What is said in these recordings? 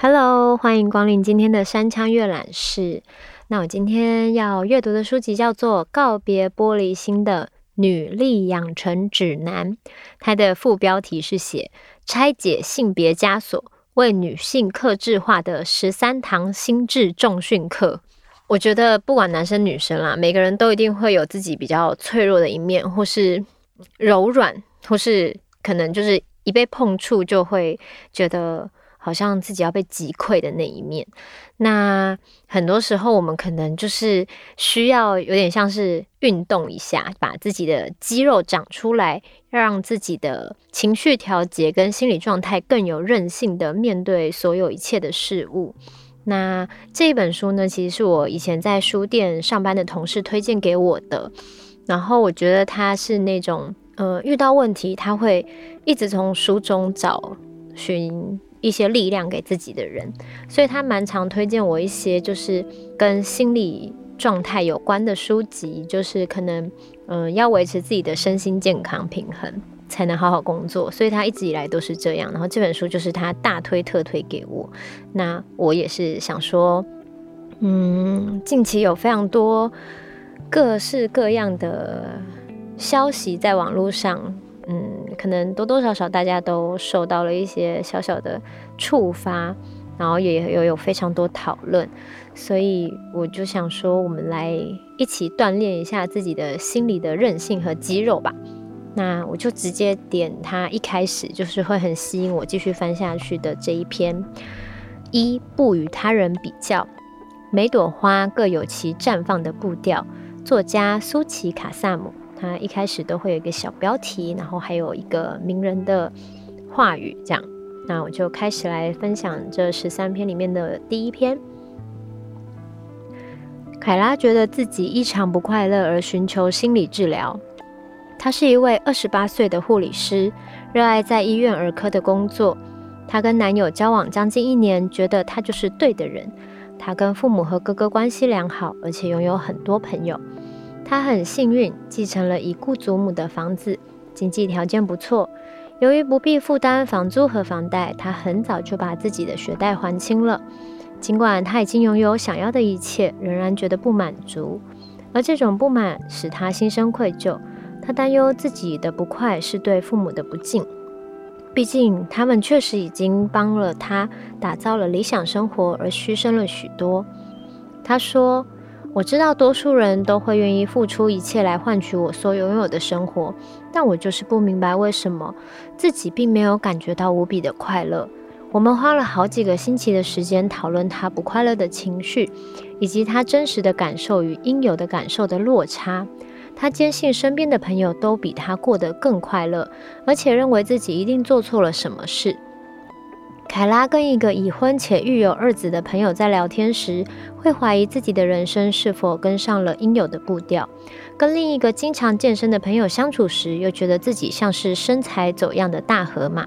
Hello，歡迎光臨今天的山羌閱覽室。那我今天要閱讀的書籍叫做《告別玻璃心的女力養成指南》，它的副標題是寫“拆解性別枷鎖，為女性客製化的十三堂心智重訓課”。我覺得不管男生女生啦，每個人都一定會有自己比較脆弱的一面，或是柔軟，或是可能就是一被碰觸就會覺得好像自己要被擊潰的那一面。那很多時候我們可能就是需要有點像是運動一下，把自己的肌肉長出來，讓自己的情緒調節跟心理狀態更有韌性的面對所有一切的事物。那這一本書呢，其實是我以前在書店上班的同事推薦給我的。然後我覺得他是那種，呃，遇到問題他會一直從書中找尋一些力量給自己的人，所以他蠻常推薦我一些就是跟心理狀態有關的書籍，就是可能，嗯、呃，要維持自己的身心健康平衡。才能好好工作，所以他一直以來都是這樣。然後這本書就是他大推特推給我，那我也是想說，嗯，近期有非常多各式各樣的消息在網絡上，嗯，可能多多少少大家都受到了一些小小的觸發，然後也也有非常多討論，所以我就想說，我們來一起鍛鍊一下自己的心理的韌性和肌肉吧。那我就直接點他，一開始就是會很吸引我繼續翻下去的這一篇。一不與他人比較，每朵花各有其綻放的步調。作家蘇琪卡薩姆，他一開始都會有一個小標題，然後還有一個名人的話語。這樣，那我就開始來分享這十三篇裡面的第一篇。凱拉覺得自己異常不快樂，而尋求心理治療。她是一位二十八歲的護理師，熱愛在醫院兒科的工作。她跟男友交往將近一年，覺得他就是對的人。她跟父母和哥哥關係良好，而且擁有很多朋友。她很幸運，繼承了已故祖母的房子，經濟條件不錯。由於不必負擔房租和房貸，她很早就把自己的學貸還清了。盡管她已經擁有想要的一切，仍然覺得不滿足，而這種不滿使她心生愧疚。他擔憂自己的不快是對父母的不敬，畢竟他們確實已經幫了他打造了理想生活，而犧牲了許多。他說：“我知道多數人都會願意付出一切來換取我所擁有的生活，但我就是不明白為什麼自己並沒有感覺到無比的快樂。”我們花了好幾個星期的時間討論他不快樂的情緒，以及他真實的感受與應有的感受的落差。他堅信身邊的朋友都比他過得更快樂，而且認為自己一定做錯了什麼事。凱拉跟一個已婚且育有二子的朋友在聊天時，會懷疑自己的人生是否跟上了應有的步調；跟另一個經常健身的朋友相處時，又覺得自己像是身材走樣的大河馬。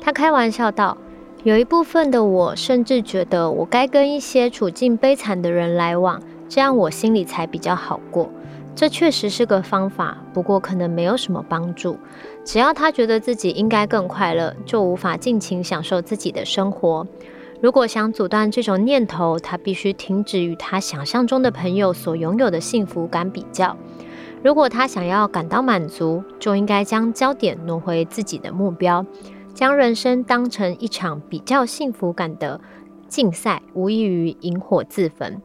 他開玩笑道：“有一部分的我，甚至覺得我該跟一些處境悲慘的人來往，這樣我心裡才比較好過。”這確實是個方法，不過可能沒有什麼幫助。只要他覺得自己應該更快樂，就無法盡情享受自己的生活。如果想阻斷這種念頭，他必須停止與他想象中的朋友所擁有的幸福感比較。如果他想要感到滿足，就應該將焦點挪回自己的目標，將人生當成一場比較幸福感的競賽，無異於引火自焚。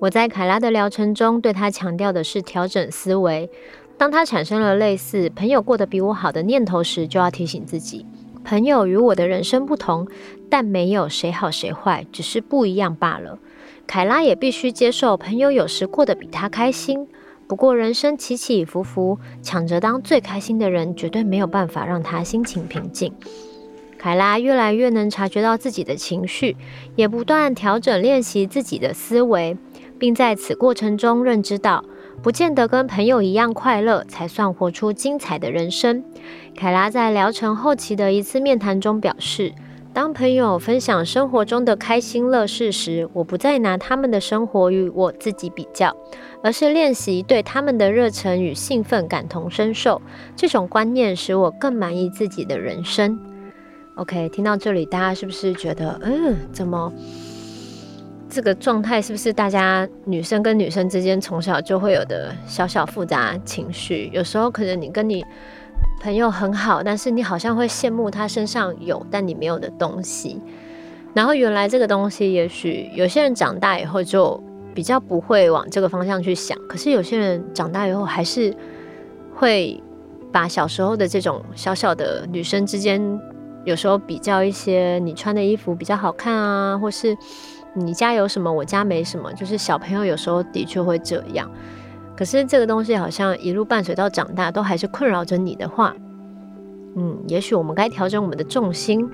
我在凱拉的療程中，對她強調的是調整思維。當她產生了類似“朋友過得比我好”的念頭時，就要提醒自己：朋友與我的人生不同，但沒有誰好誰壞，只是不一樣罷了。凱拉也必須接受，朋友有時過得比她開心。不過，人生起起伏伏，搶着當最開心的人，絕對沒有辦法讓她心情平靜。凱拉越來越能察覺到自己的情緒，也不斷調整練習自己的思維。並在此過程中認知到，不見得跟朋友一樣快樂才算活出精彩的人生。凱拉在療程後期的一次面談中表示，當朋友分享生活中的開心樂事時，我不再拿他們的生活與我自己比較，而是練習對他們的熱忱與興奮感同身受。這種觀念使我更滿意自己的人生。OK，聽到這裡，大家是不是覺得，嗯，怎麼？這個狀態是不是大家女生跟女生之間從小就會有的小小複雜情緒？有時候可能你跟你朋友很好，但是你好像會羨慕他身上有但你沒有的東西。然後原來這個東西，也許有些人長大以後就比較不會往這個方向去想，可是有些人長大以後還是會把小時候的這種小小的女生之間，有時候比較一些你穿的衣服比較好看啊，或是。你家有什麼？我家沒什麼。就是小朋友有時候的確會這樣。可是這個東西好像一路伴隨到長大，都還是困擾着你的話，嗯，也許我們該調整我們的重心。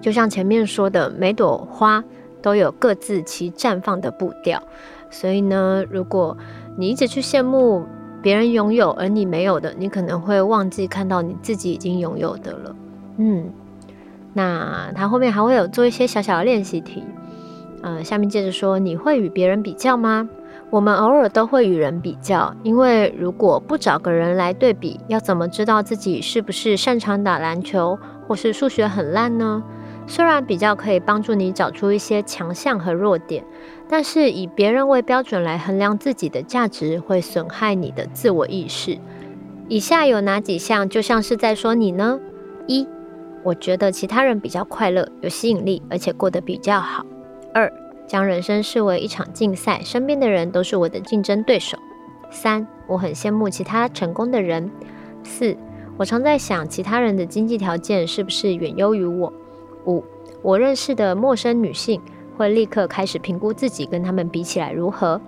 就像前面說的，每朵花都有各自其綻放的步調。所以呢，如果你一直去羨慕別人擁有而你沒有的，你可能會忘記看到你自己已經擁有的了。嗯，那他後面還會有做一些小小的練習題。呃、嗯，下面接着說，你會與別人比較嗎？我們偶爾都會與人比較，因為如果不找個人來對比，要怎麼知道自己是不是擅長打籃球，或是數學很爛呢？雖然比較可以幫助你找出一些強項和弱點，但是以別人為標準來衡量自己的價值，會損害你的自我意識。以下有哪幾項就像是在說你呢？一，我覺得其他人比較快樂，有吸引力，而且過得比較好。二，將人生視為一場競賽，身邊的人都是我的競爭對手。三，我很羨慕其他成功的人。四，我常在想其他人的經濟條件是不是遠優於我。五，我認識的陌生女性會立刻開始評估自己跟她們比起來如何。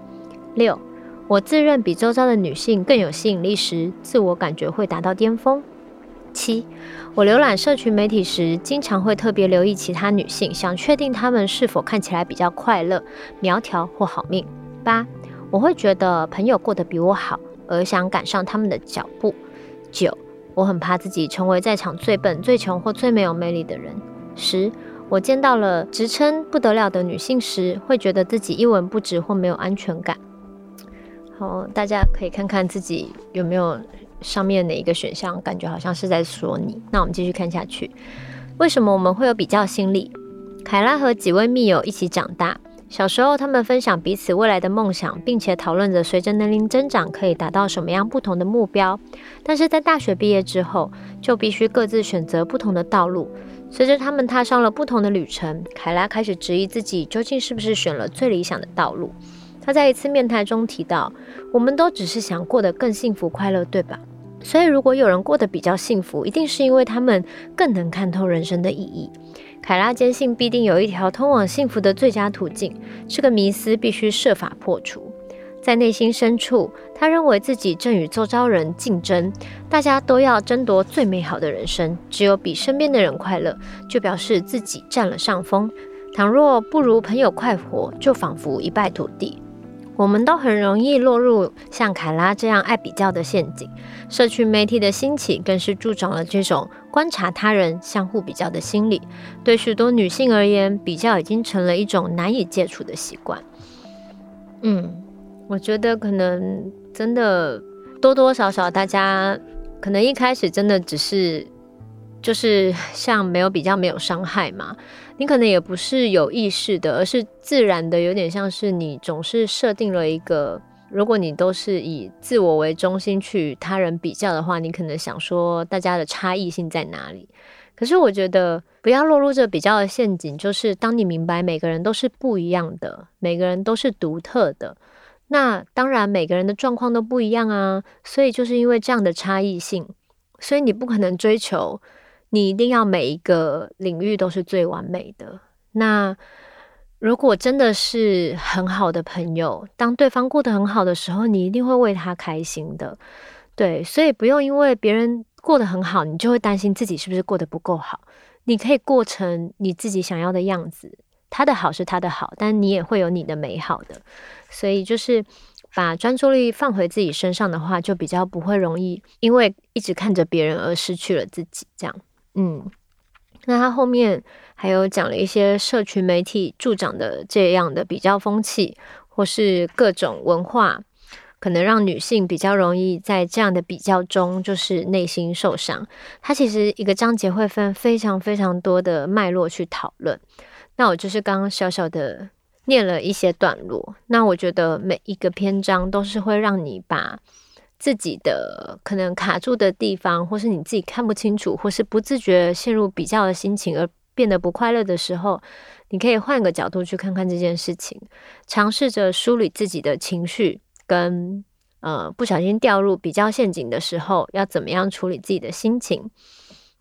六，我自認比周遭的女性更有吸引力時，自我感覺會達到巔峰。七，我瀏覽社群媒體時，經常會特別留意其他女性，想確定她們是否看起來比較快樂、苗條或好命。八，我會覺得朋友過得比我好，而想趕上她們的腳步。九，我很怕自己成為在場最笨、最窮或最沒有魅力的人。十，我見到了職稱不得了的女性時，會覺得自己一文不值或沒有安全感。好，大家可以看看自己有沒有。上面哪一個選項感覺好像是在說你？那我們繼續看下去。為什麼我們會有比較心理？凱拉和幾位密友一起長大，小時候他們分享彼此未來的夢想，並且討論着隨着年齡增長可以達到什麼樣不同的目標。但是在大學畢業之後，就必須各自選擇不同的道路。隨着他們踏上了不同的旅程，凱拉開始質疑自己究竟是不是選了最理想的道路。她在一次面談中提到：“我們都只是想過得更幸福快樂，對吧？”所以，如果有人過得比較幸福，一定是因為他們更能看透人生的意義。凱拉堅信必定有一條通往幸福的最佳途徑，這個迷思必須設法破除。在內心深處，她認為自己正與周遭人競爭，大家都要爭奪最美好的人生。只有比身邊的人快樂，就表示自己佔了上風；倘若不如朋友快活，就仿佛一敗塗地。我們都很容易落入像凱拉這樣愛比較的陷阱。社群媒體的興起更是助長了這種觀察他人、相互比較的心理。對許多女性而言，比較已經成了一種難以戒除的習慣。嗯，我覺得可能真的多多少少，大家可能一開始真的只是。就是像沒有比較沒有傷害嘛，你可能也不是有意識的，而是自然的，有點像是你總是設定了一個，如果你都是以自我為中心去與他人比較的話，你可能想說大家的差異性在哪裡？可是我覺得不要落入這比較的陷阱，就是當你明白每個人都是不一樣的，每個人都是獨特的，那當然每個人的狀況都不一樣啊，所以就是因為這樣的差異性，所以你不可能追求。你一定要每一個領域都是最完美的。那如果真的是很好的朋友，當對方過得很好的時候，你一定會為他開心的。對，所以不用因為別人過得很好，你就會擔心自己是不是過得不夠好。你可以過成你自己想要的樣子，他的好是他的好，但你也會有你的美好的。所以就是把專注力放回自己身上的話，就比較不會容易因為一直看着別人而失去了自己，這樣。嗯，那他後面還有講了一些社群媒體助長的這樣的比較風氣，或是各種文化，可能讓女性比較容易在這樣的比較中就是內心受傷。他其實一個章節會分非常非常多的脈絡去討論。那我就是剛剛小小的念了一些段落。那我覺得每一個篇章都是會讓你把。自己的可能卡住的地方，或是你自己看不清楚，或是不自覺陷入比較的心情而變得不快樂的時候，你可以換個角度去看看這件事情，嘗試着梳理自己的情緒，跟呃不小心掉入比較陷阱的時候，要怎麼樣處理自己的心情，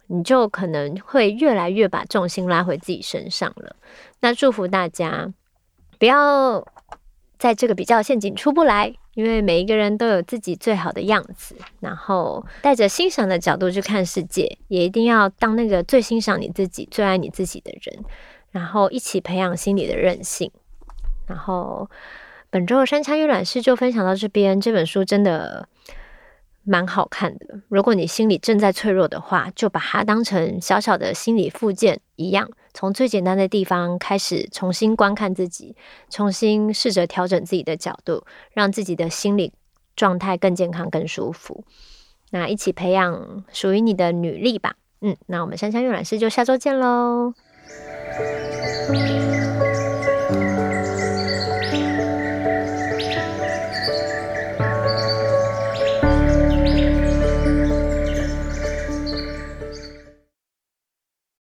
你就可能會越來越把重心拉回自己身上了。那祝福大家，不要。在這個比較陷阱出不來，因為每一個人都有自己最好的樣子，然後帶着欣賞的角度去看世界，也一定要當那個最欣賞你自己、最愛你自己的人，然後一起培養心理的韌性。然後本周的山羌閱覽室就分享到這邊，這本書真的蠻好看的，如果你心裡正在脆弱的話，就把它當成小小的心理復健一樣。從最簡單的地方開始，重新觀看自己，重新試着調整自己的角度，讓自己的心理狀態更健康、更舒服。那一起培養屬於你的女力吧。嗯，那我們山羌閱覽室就下周見嘍。